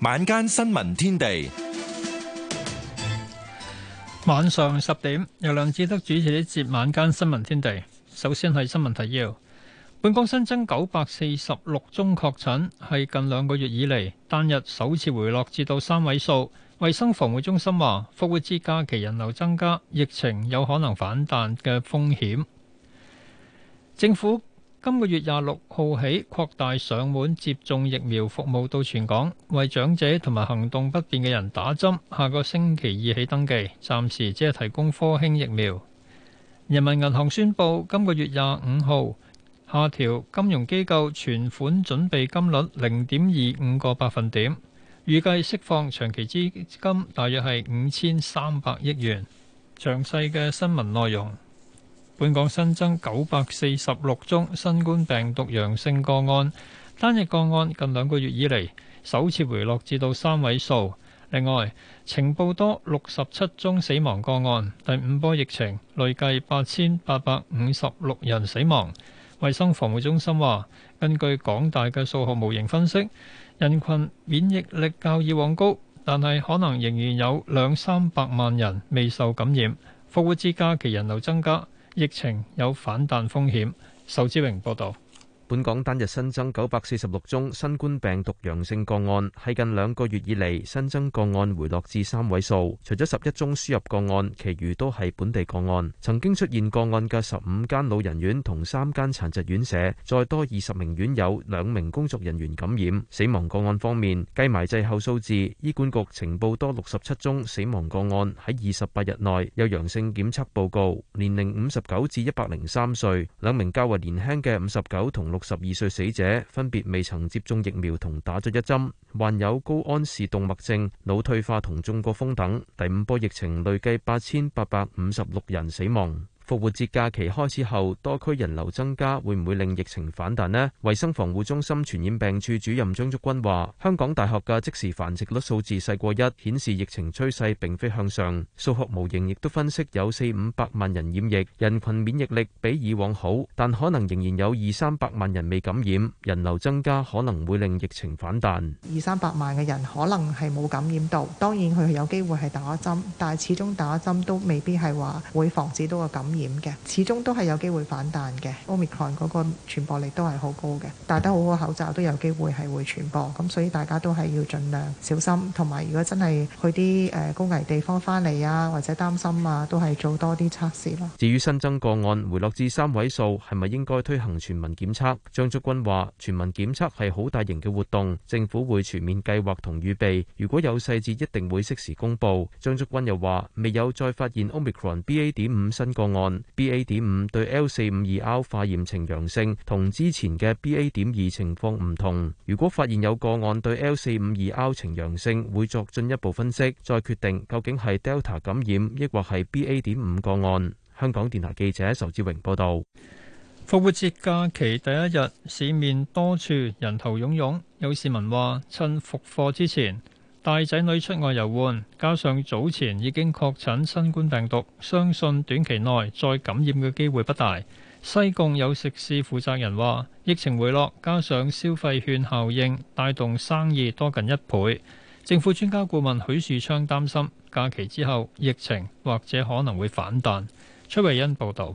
晚間新聞天地，晚上十點由梁志德主持一節晚間新聞天地。首先係新聞提要，本港新增九百四十六宗確診，係近兩個月以嚟單日首次回落至到三位數。衛生防護中心話，復活節假期人流增加，疫情有可能反彈嘅風險。政府。今個月廿六號起擴大上門接種疫苗服務到全港，為長者同埋行動不便嘅人打針。下個星期二起登記，暫時只係提供科興疫苗。人民銀行宣布今個月廿五號下調金融機構存款準備金率零點二五個百分點，預計釋放長期資金大約係五千三百億元。詳細嘅新聞內容。本港新增九百四十六宗新冠病毒陽性個案，單日個案近兩個月以嚟，首次回落至到三位數。另外，情報多六十七宗死亡個案，第五波疫情累計八千八百五十六人死亡。衛生防護中心話，根據港大嘅數學模型分析，人群免疫力較以往高，但係可能仍然有兩三百萬人未受感染。復活節假期人流增加。疫情有反彈風險，仇志榮報導。本港單日新增九百四十六宗新冠病毒陽性個案，係近兩個月以嚟新增個案回落至三位數。除咗十一宗輸入個案，其餘都係本地個案。曾經出現個案嘅十五間老人院同三間殘疾院舍，再多二十名院友、兩名工作人員感染。死亡個案方面，計埋滯後數字，醫管局呈報多六十七宗死亡個案喺二十八日內有陽性檢測報告，年齡五十九至一百零三歲，兩名較為年輕嘅五十九同六十二歲死者分別未曾接種疫苗同打咗一針，患有高安氏動脈症、腦退化同中過風等。第五波疫情累計八千八百五十六人死亡。復活節假期開始後，多區人流增加，會唔會令疫情反彈呢？衛生防護中心傳染病處主任張竹君話，香港大學嘅即時繁殖率數字細過一，顯示疫情趨勢並非向上。數學模型亦都分析有四五百萬人染疫，人群免疫力比以往好，但可能仍然有二三百萬人未感染。人流增加可能會令疫情反彈。二三百萬嘅人可能係冇感染到，當然佢係有機會係打針，但係始終打針都未必係話會防止到個感染。嘅，始終都係有機會反彈嘅。Omicron 嗰個傳播力都係好高嘅，戴得好好口罩都有機會係會傳播，咁所以大家都係要盡量小心，同埋如果真係去啲誒高危地方返嚟啊，或者擔心啊，都係做多啲測試囉。至於新增個案回落至三位數，係咪應該推行全民檢測？張竹君話：全民檢測係好大型嘅活動，政府會全面計劃同預備，如果有細節一定會適時公佈。張竹君又話：未有再發現 Omicron BA 點五新個案。B A 點五對 L 四五二 R 化驗呈陽性，同之前嘅 B A 點二情況唔同。如果發現有個案對 L 四五二 R 呈陽性，會作進一步分析，再決定究竟係 Delta 感染，抑或係 B A 點五個案。香港電台記者仇志榮報道。復活節假期第一日，市面多處人頭湧湧，有市民話趁復課之前，帶仔女出外遊玩，加上早前已經確診新冠病毒，相信短期內再感染嘅機會不大。西貢有食肆負責人話疫情回落，加上消費券效應帶動生意多近一倍。政府專家顧問許樹昌擔心假期之後疫情或者可能會反彈，崔慧欣報道。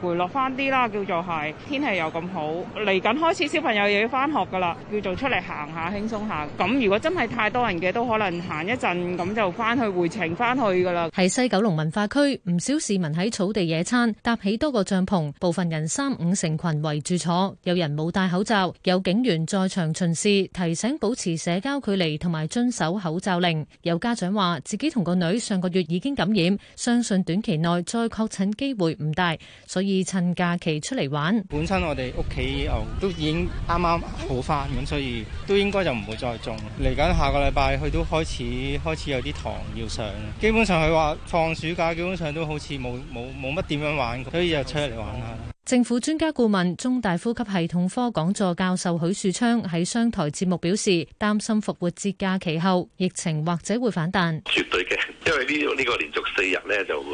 回落翻啲啦，叫做係天氣又咁好嚟緊開始，小朋友又要翻學噶啦，叫做出嚟行下輕鬆下。咁如果真係太多人嘅，都可能行一陣咁就翻去，回程翻去噶啦。喺西九龍文化區，唔少市民喺草地野餐，搭起多個帳篷，部分人三五成群圍住坐，有人冇戴口罩，有警員在場巡視，提醒保持社交距離同埋遵守口罩令。有家長話自己同個女上個月已經感染，相信短期內再確診機會唔大。所以趁假期出嚟玩。本身我哋屋企又都已經啱啱好翻咁，所以都應該就唔會再種。嚟緊下,下個禮拜佢都開始開始有啲堂要上。基本上佢話放暑假，基本上都好似冇冇冇乜點樣玩，所以就出嚟玩下。政府專家顧問、中大呼吸系統科講座教授許樹昌喺商台節目表示，擔心復活節假期後疫情或者會反彈。絕對嘅，因為呢、這、呢、個這個連續四日咧就會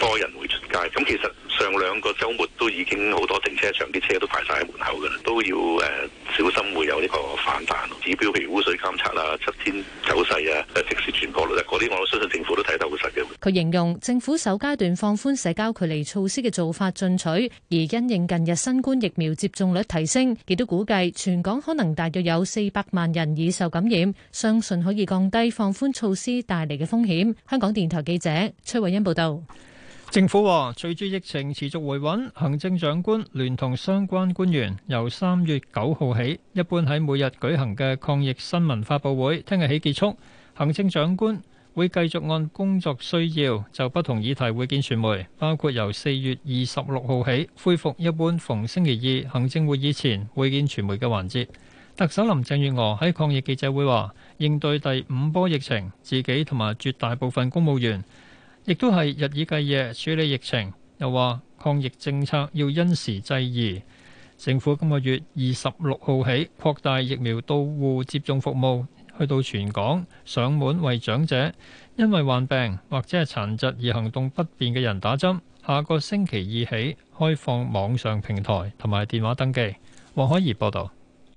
多人會出。咁其實上兩個週末都已經好多停車場啲車都排晒喺門口嘅，都要誒小心會有呢個反彈。指標譬如污水監測啦、七天走勢啊、誒即時傳播率嗰啲，我相信政府都睇得好實嘅。佢形容政府首階段放寬社交距離措施嘅做法進取，而因應近日新冠疫苗接種率提升，亦都估計全港可能大約有四百萬人已受感染，相信可以降低放寬措施帶嚟嘅風險。香港電台記者崔慧恩報道。政府話，隨住疫情持續回穩，行政長官聯同相關官員由三月九號起，一般喺每日舉行嘅抗疫新聞發佈會，聽日起結束。行政長官會繼續按工作需要就不同議題會見傳媒，包括由四月二十六號起恢復一般逢星期二行政會議前會見傳媒嘅環節。特首林鄭月娥喺抗疫記者會話，應對第五波疫情，自己同埋絕大部分公務員。亦都係日以繼夜處理疫情，又話抗疫政策要因時制宜。政府今個月二十六號起擴大疫苗到戶接種服務，去到全港，上門為長者，因為患病或者係殘疾而行動不便嘅人打針。下個星期二起開放網上平台同埋電話登記。黃海怡報道。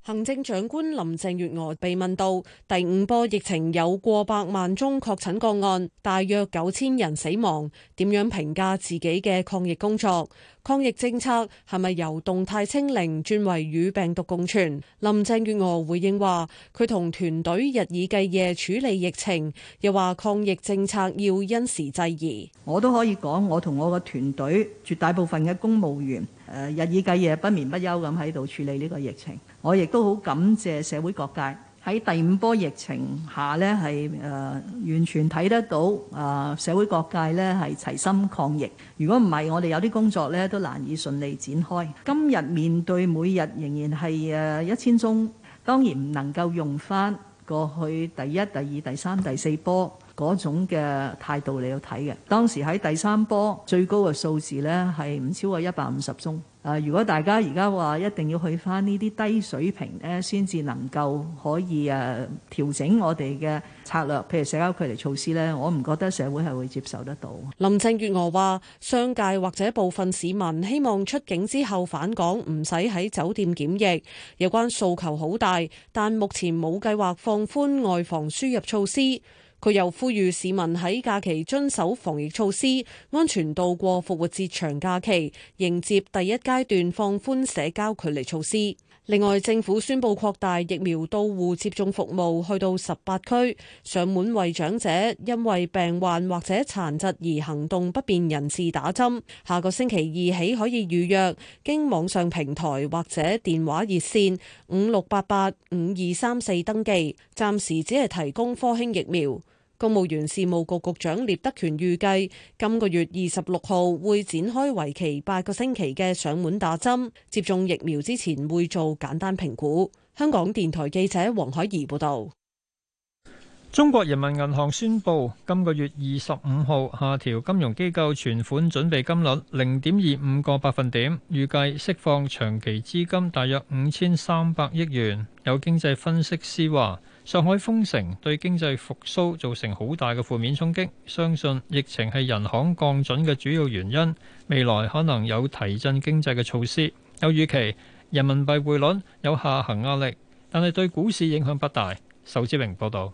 行政長官林鄭月娥被問到第五波疫情有過百萬宗確診個案，大約九千人死亡，點樣評價自己嘅抗疫工作？抗疫政策係咪由動態清零轉為與病毒共存？林鄭月娥回應話：佢同團隊日以繼夜處理疫情，又話抗疫政策要因時制宜。我都可以講，我同我嘅團隊絕大部分嘅公務員誒，日以繼夜不眠不休咁喺度處理呢個疫情。我亦都好感謝社會各界喺第五波疫情下呢係誒、呃、完全睇得到啊、呃、社會各界呢係齊心抗疫。如果唔係，我哋有啲工作呢都難以順利展開。今日面對每日仍然係誒一千宗，當然唔能夠用返過去第一、第二、第三、第四波嗰種嘅態度嚟去睇嘅，當時喺第三波最高嘅數字呢，係唔超過一百五十宗。誒，如果大家而家話一定要去返呢啲低水平呢，先至能夠可以誒調整我哋嘅策略，譬如社交距離措施呢，我唔覺得社會係會接受得到。林鄭月娥話：商界或者部分市民希望出境之後返港唔使喺酒店檢疫，有關訴求好大，但目前冇計劃放寬外防輸入措施。佢又呼籲市民喺假期遵守防疫措施，安全度過復活節長假期，迎接第一階段放寬社交距離措施。另外，政府宣布擴大疫苗到戶接種服務，去到十八區，上門為長者、因為病患或者殘疾而行動不便人士打針。下個星期二起可以預約，經網上平台或者電話熱線五六八八五二三四登記。暫時只係提供科興疫苗。公務員事務局局長聶德權預計今個月二十六號會展開為期八個星期嘅上門打針接種疫苗，之前會做簡單評估。香港電台記者黃海怡報道。中國人民銀行宣布今個月二十五號下調金融機構存款準備金率零點二五個百分點，預計釋放長期資金大約五千三百億元。有經濟分析師話上海封城對經濟復甦造成好大嘅負面衝擊，相信疫情係人行降準嘅主要原因。未來可能有提振經濟嘅措施。有預期人民幣匯率有下行壓力，但係對股市影響不大。仇志明報道：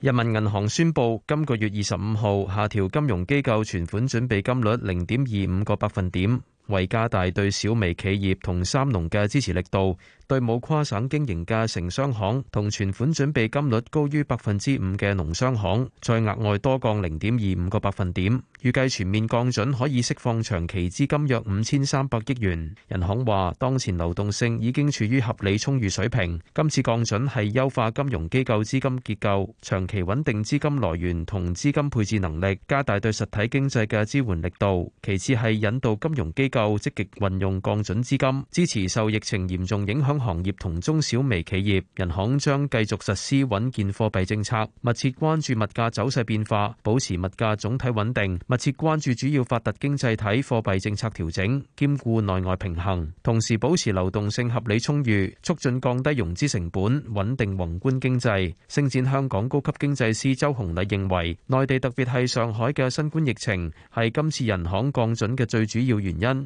人民銀行宣布今個月二十五號下調金融機構存款準備金率零點二五個百分點。為加大對小微企業同三農嘅支持力度，對冇跨省經營嘅城商行同存款準備金率高於百分之五嘅農商行，再額外多降零點二五個百分點。預計全面降準可以釋放長期資金約五千三百億元。人行話，當前流動性已經處於合理充裕水平，今次降準係優化金融機構資金結構，長期穩定資金來源同資金配置能力，加大對實體經濟嘅支援力度。其次係引導金融機構。夠積極運用降準資金，支持受疫情嚴重影響行業同中小微企業。人行將繼續實施穩健貨幣政策，密切關注物價走勢變化，保持物價總體穩定。密切關注主要發達經濟體貨幣政策調整，兼顧內外平衡，同時保持流動性合理充裕，促進降低融資成本，穩定宏觀經濟。星展香港高級經濟師周洪禮認為，內地特別係上海嘅新冠疫情係今次人行降準嘅最主要原因。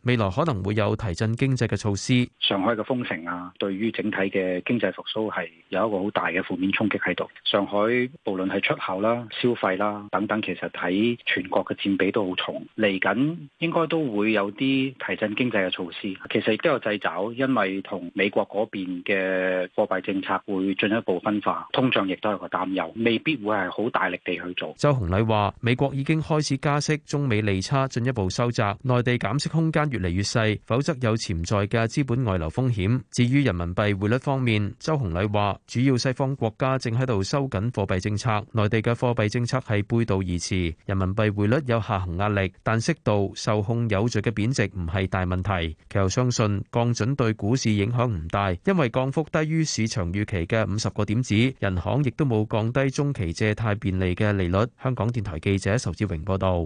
未來可能會有提振經濟嘅措施。上海嘅封城啊，對於整體嘅經濟復甦係有一個好大嘅負面衝擊喺度。上海無論係出口啦、消費啦等等，其實喺全國嘅佔比都好重。嚟緊應該都會有啲提振經濟嘅措施。其實亦都有掣肘，因為同美國嗰邊嘅貨幣政策會進一步分化，通脹亦都有個擔憂，未必會係好大力地去做。周洪禮話：美國已經開始加息，中美利差進一步收窄，內地減息空間。越嚟越細，否則有潛在嘅資本外流風險。至於人民幣匯率方面，周鴻禮話：主要西方國家正喺度收緊貨幣政策，內地嘅貨幣政策係背道而馳，人民幣匯率有下行壓力，但適度受控有序嘅貶值唔係大問題。佢又相信降準對股市影響唔大，因為降幅低於市場預期嘅五十個點子，人行亦都冇降低中期借貸便利嘅利率。香港電台記者仇志榮報道。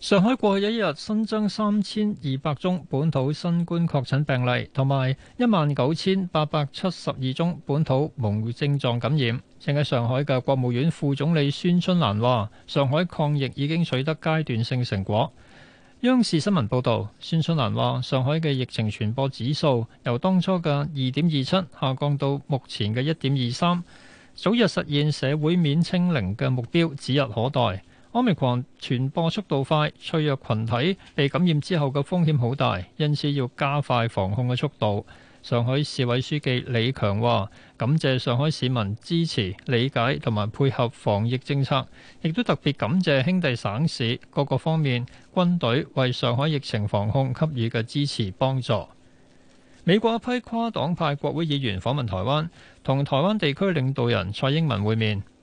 上海過去一日新增三千二百宗本土新冠確診病例，同埋一萬九千八百七十二宗本土無症狀感染。正喺上海嘅國務院副總理孫春蘭話，上海抗疫已經取得階段性成果。央視新聞報道，孫春蘭話，上海嘅疫情傳播指數由當初嘅二點二七下降到目前嘅一點二三，早日實現社會面清零嘅目標指日可待。冠病傳播速度快，脆弱群體被感染之後嘅風險好大，因此要加快防控嘅速度。上海市委書記李強話：感謝上海市民支持、理解同埋配合防疫政策，亦都特別感謝兄弟省市各個方面軍隊為上海疫情防控給予嘅支持幫助。美國一批跨黨派國會議員訪問台灣，同台灣地區領導人蔡英文會面。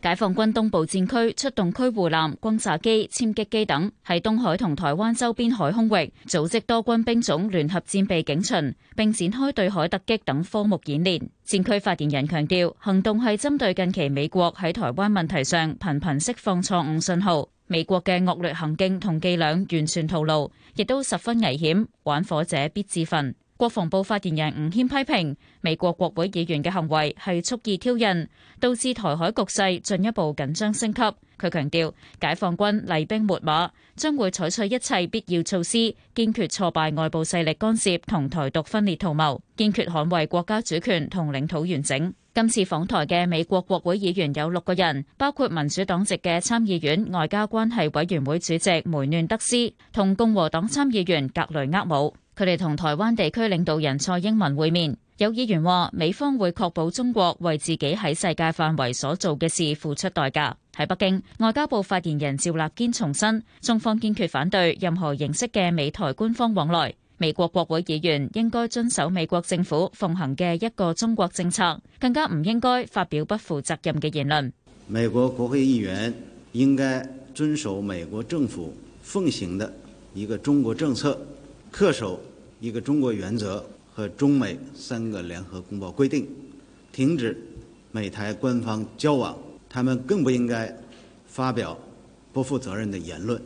解放軍東部戰區出動驅護艦、轟炸機、殲擊機等，喺東海同台灣周邊海空域組織多軍兵種聯合戰備警巡，並展開對海突擊等科目演練。戰區發言人強調，行動係針對近期美國喺台灣問題上頻頻釋放錯誤信號，美國嘅惡劣行徑同伎倆完全暴露，亦都十分危險，玩火者必自焚。國防部發言人吳謙批評美國國會議員嘅行為係蓄意挑釁，導致台海局勢進一步緊張升級。佢強調，解放軍厲兵秣馬，將會採取一切必要措施，堅決挫敗外部勢力干涉同台獨分裂圖謀，堅決捍衛國家主權同領土完整。今次訪台嘅美國國會議員有六個人，包括民主黨籍嘅參議院外交關係委員會主席梅嫩德斯同共和黨參議員格雷厄姆。佢哋同台灣地區領導人蔡英文會面。有議員話：美方會確保中國為自己喺世界範圍所做嘅事付出代價。喺北京，外交部發言人趙立堅重申，中方堅決反對任何形式嘅美台官方往來。美國國會議員應該遵守美國政府奉行嘅一個中國政策，更加唔應該發表不負責任嘅言論。美國國會議員應該遵守美國政府奉行嘅一個中國政策，恪守，一個中國原則和中美三個聯合公報規定，停止美台官方交往，他們更不應該發表不負責任的言論。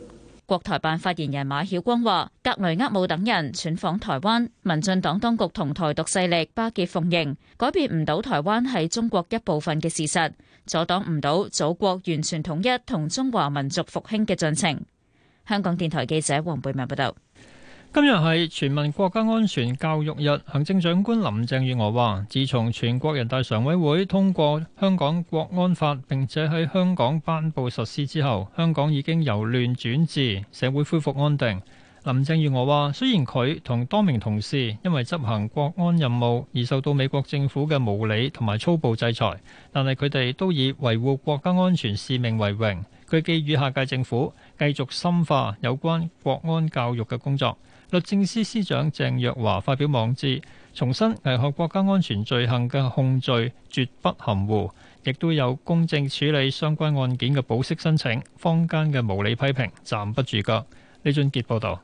國台辦發言人馬曉光話，格雷厄姆等人竄訪台灣，民進黨當局同台獨勢力巴結奉迎，改變唔到台灣係中國一部分嘅事實，阻擋唔到祖國完全統一同中華民族復興嘅進程。香港電台記者黃貝文報道。今日係全民國家安全教育日，行政長官林鄭月娥話，自從全國人大常委會通過香港國安法並且喺香港頒布實施之後，香港已經由亂轉治，社會恢復安定。林鄭月娥話，雖然佢同多名同事因為執行國安任務而受到美國政府嘅無理同埋粗暴制裁，但係佢哋都以維護國家安全使命為榮。佢寄語下屆政府繼續深化有關國安教育嘅工作。律政司司長鄭若驊發表網誌，重申危害國家安全罪行嘅控罪絕不含糊，亦都有公正處理相關案件嘅保釋申請。坊間嘅無理批評站不住腳。李俊杰報道。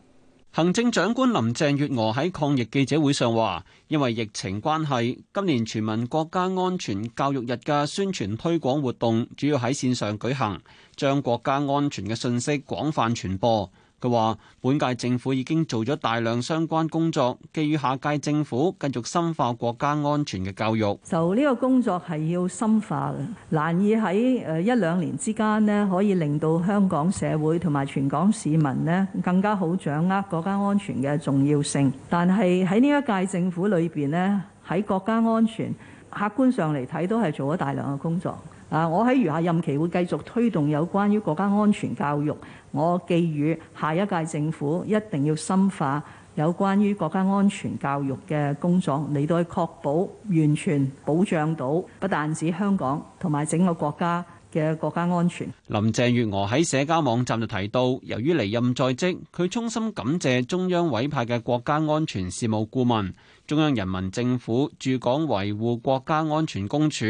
行政長官林鄭月娥喺抗疫記者會上話，因為疫情關係，今年全民國家安全教育日嘅宣傳推廣活動主要喺線上舉行，將國家安全嘅信息廣泛傳播。佢話：本屆政府已經做咗大量相關工作，寄予下屆政府繼續深化國家安全嘅教育。就呢個工作係要深化嘅，難以喺誒一兩年之間呢，可以令到香港社會同埋全港市民呢，更加好掌握國家安全嘅重要性。但係喺呢一屆政府裏邊呢，喺國家安全客觀上嚟睇，都係做咗大量嘅工作。啊！我喺餘下任期會繼續推動有關於國家安全教育。我寄語下一屆政府一定要深化有關於國家安全教育嘅工作，嚟到確保完全保障到不但止香港同埋整個國家嘅國家安全。林鄭月娥喺社交網站就提到，由於離任在即，佢衷心感謝中央委派嘅國家安全事務顧問、中央人民政府駐港維護國家安全公署。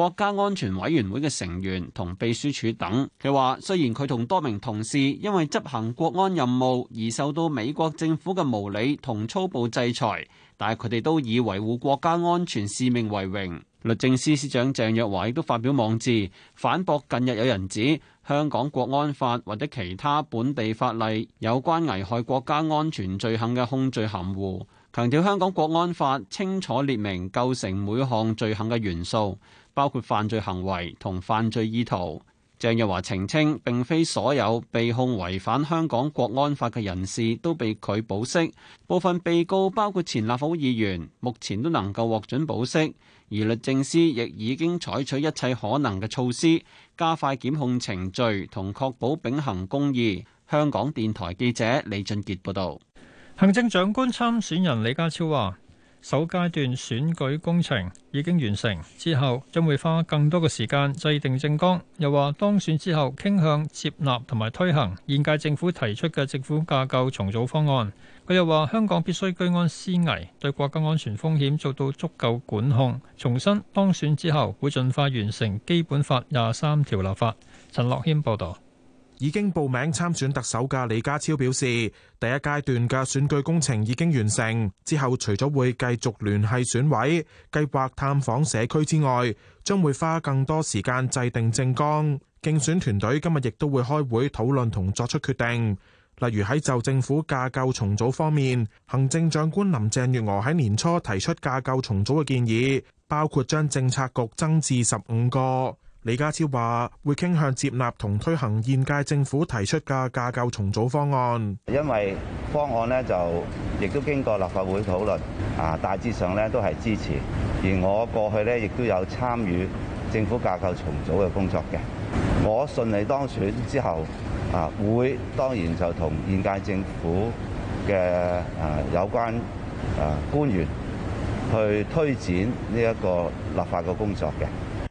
國家安全委員會嘅成員同秘書處等，佢話雖然佢同多名同事因為執行國安任務而受到美國政府嘅無理同粗暴制裁，但係佢哋都以維護國家安全使命為榮。律政司司長鄭若驊亦都發表網志反駁，近日有人指香港國安法或者其他本地法例有關危害國家安全罪行嘅控罪含糊，強調香港國安法清楚列明構成每項罪行嘅元素。包括犯罪行為同犯罪意圖。鄭若驊澄清，並非所有被控違反香港國安法嘅人士都被拒保釋，部分被告包括前立法會議員，目前都能夠獲准保釋。而律政司亦已經採取一切可能嘅措施，加快檢控程序同確保秉行公義。香港電台記者李俊傑報道。行政長官參選人李家超話。首階段選舉工程已經完成，之後將會花更多嘅時間制定政綱，又話當選之後傾向接納同埋推行現屆政府提出嘅政府架構重組方案。佢又話香港必須居安思危，對國家安全風險做到足夠管控。重申當選之後會盡快完成基本法廿三條立法。陳樂謙報道。已經報名參選特首嘅李家超表示，第一階段嘅選舉工程已經完成，之後除咗會繼續聯繫選委、計劃探訪社區之外，將會花更多時間制定政綱。競選團隊今日亦都會開會討論同作出決定，例如喺就政府架構重組方面，行政長官林鄭月娥喺年初提出架構重組嘅建議，包括將政策局增至十五個。李家超話會傾向接納同推行現屆政府提出嘅架構重組方案，因為方案咧，就亦都經過立法會討論，啊大致上咧都係支持。而我過去咧亦都有參與政府架構重組嘅工作嘅。我順利當選之後，啊會當然就同現屆政府嘅啊有關啊官員去推展呢一個立法嘅工作嘅。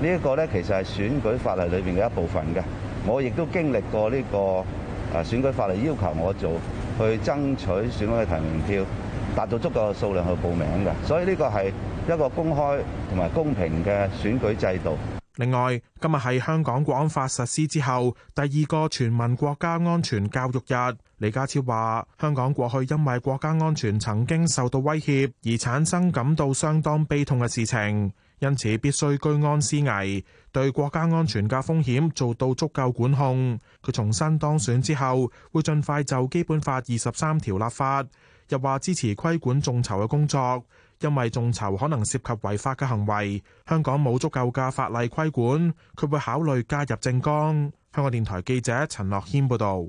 呢一個咧，其實係選舉法例裏邊嘅一部分嘅。我亦都經歷過呢個誒選舉法例要求我做，去爭取選舉提名票，達到足夠嘅數量去報名嘅。所以呢個係一個公開同埋公平嘅選舉制度。另外，今日係香港《國安法》實施之後第二個全民國家安全教育日。李家超話：香港過去因為國家安全曾經受到威脅，而產生感到相當悲痛嘅事情。因此必須居安思危，對國家安全嘅風險做到足夠管控。佢重新當選之後，會盡快就基本法二十三條立法。又話支持規管眾籌嘅工作，因為眾籌可能涉及違法嘅行為。香港冇足夠嘅法例規管，佢會考慮加入政綱。香港電台記者陳樂軒報導。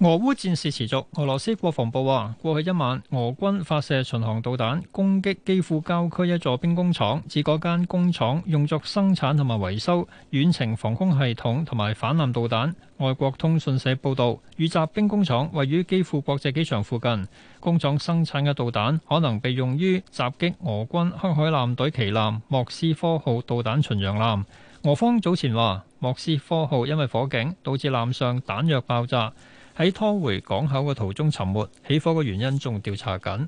俄烏戰事持續，俄羅斯國防部話，過去一晚俄軍發射巡航導彈攻擊基輔郊區一座兵工廠，指嗰間工廠用作生產同埋維修遠程防空系統同埋反艦導彈。外國通訊社報道，遇襲兵工廠位於基輔國際機場附近，工廠生產嘅導彈可能被用於襲擊俄軍黑海艦隊旗艦莫斯科號導彈巡洋艦。俄方早前話，莫斯科號因為火警導致艦上彈藥爆炸。喺拖回港口嘅途中沉沒，起火嘅原因仲調查緊。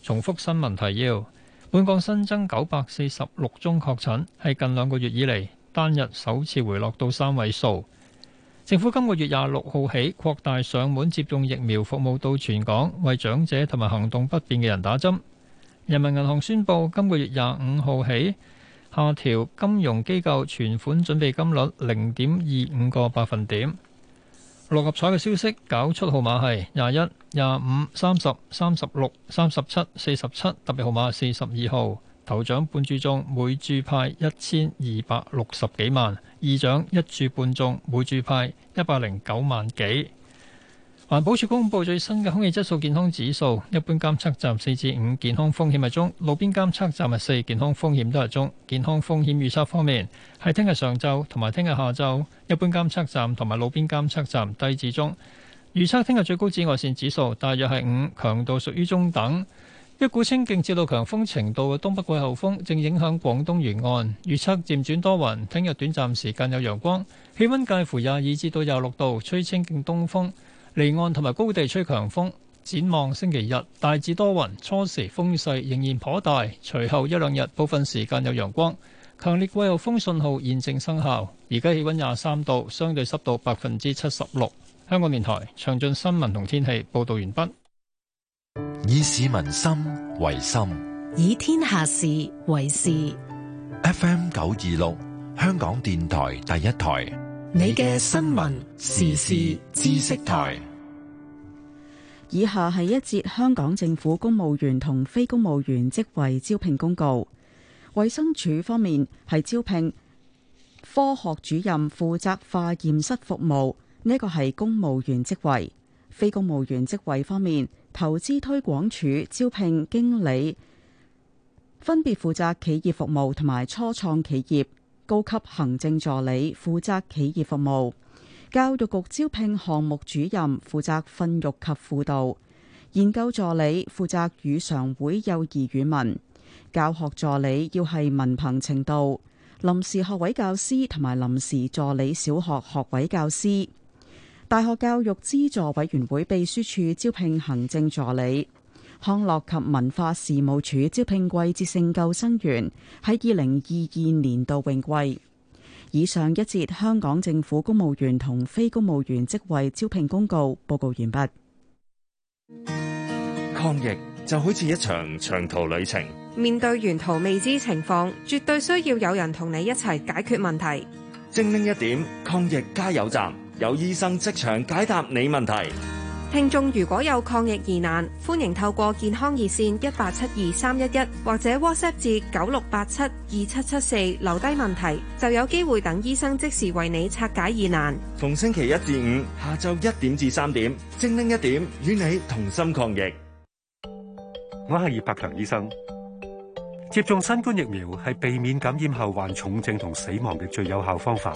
重複新聞提要：本港新增九百四十六宗確診，係近兩個月以嚟單日首次回落到三位數。政府今個月廿六號起擴大上門接種疫苗服務到全港，為長者同埋行動不便嘅人打針。人民銀行宣布今個月廿五號起下調金融機構存款準備金率零點二五個百分點。六合彩嘅消息，搞出號碼係廿一、廿五、三十、三十六、三十七、四十七，特別號碼四十二號，頭獎半注中，每注派一千二百六十幾萬；二獎一注半中，每注派一百零九萬幾。環保署公布最新嘅空氣質素健康指數，一般監測站四至五健康風險係中，路邊監測站係四健康風險都係中。健康風險預測方面，喺聽日上晝同埋聽日下晝，一般監測站同埋路邊監測站低至中。預測聽日最高紫外線指數大約係五，強度屬於中等。一股清勁至到強風程度嘅東北季候風正影響廣東沿岸，預測漸轉多雲，聽日短暫時間有陽光，氣温介乎廿二至到廿六度，吹清勁東風。離岸同埋高地吹強風。展望星期日大致多雲，初時風勢仍然頗大，隨後一兩日部分時間有陽光。強烈季候風信號現正生效，而家氣温廿三度，相對濕度百分之七十六。香港電台詳盡新聞同天氣報道完畢。以市民心為心，以天下事為事。FM 九二六，香港電台第一台。你嘅新聞時事知識台，以下係一節香港政府公務員同非公務員職位招聘公告。衛生署方面係招聘科學主任，負責化驗室服務。呢個係公務員職位。非公務員職位方面，投資推廣署招聘經理，分別負責企業服務同埋初創企業。高級行政助理負責企業服務，教育局招聘項目主任負責訓育及輔導，研究助理負責語常會幼兒語文，教學助理要係文憑程度，臨時學位教師同埋臨時助理小學學位教師，大學教育資助委員會秘書處招聘行政助理。康樂及文化事務署招聘季節性救生員，喺二零二二年度泳季。以上一節香港政府公務員同非公務員職位招聘公告報告完畢。抗疫就好似一場長途旅程，面對沿途未知情況，絕對需要有人同你一齊解決問題。精靈一點，抗疫加油站，有醫生即場解答你問題。聽眾如果有抗疫疑難，歡迎透過健康熱線一八七二三一一或者 WhatsApp 至九六八七二七七四留低問題，就有機會等醫生即時為你拆解疑難。逢星期一至五下晝一點至三點，精靈一點，與你同心抗疫。我係葉百強醫生。接種新冠疫苗係避免感染後患重症同死亡嘅最有效方法。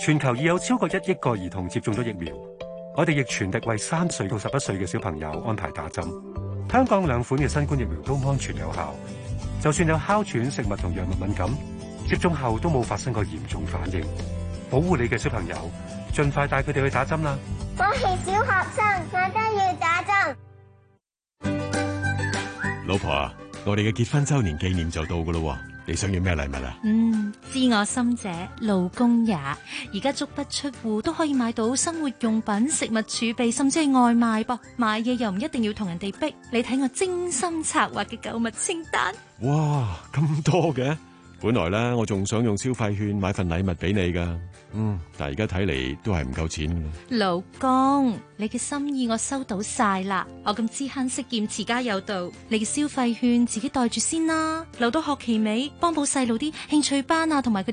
全球已有超過一億個兒童接種咗疫苗。我哋亦全力為三歲到十一歲嘅小朋友安排打針。香港兩款嘅新冠疫苗都安全有效，就算有哮喘、食物同藥物敏感，接種後都冇發生過嚴重反應。保護你嘅小朋友，盡快帶佢哋去打針啦！我係小學生，我都要打針。老婆，我哋嘅結婚周年紀念就到噶咯。你想要咩禮物啊？嗯，知我心者，老公也。而家足不出戶都可以買到生活用品、食物儲備，甚至係外賣噃。買嘢又唔一定要同人哋逼，你睇我精心策劃嘅購物清單。哇，咁多嘅！本來咧，我仲想用消費券買份禮物俾你噶，嗯，但係而家睇嚟，都係唔夠錢。老公，你嘅心意我收到晒啦，我咁知慳識儉，持家有道，你嘅消費券自己袋住先啦，留到學期尾幫補細路啲興趣班啊，同埋佢。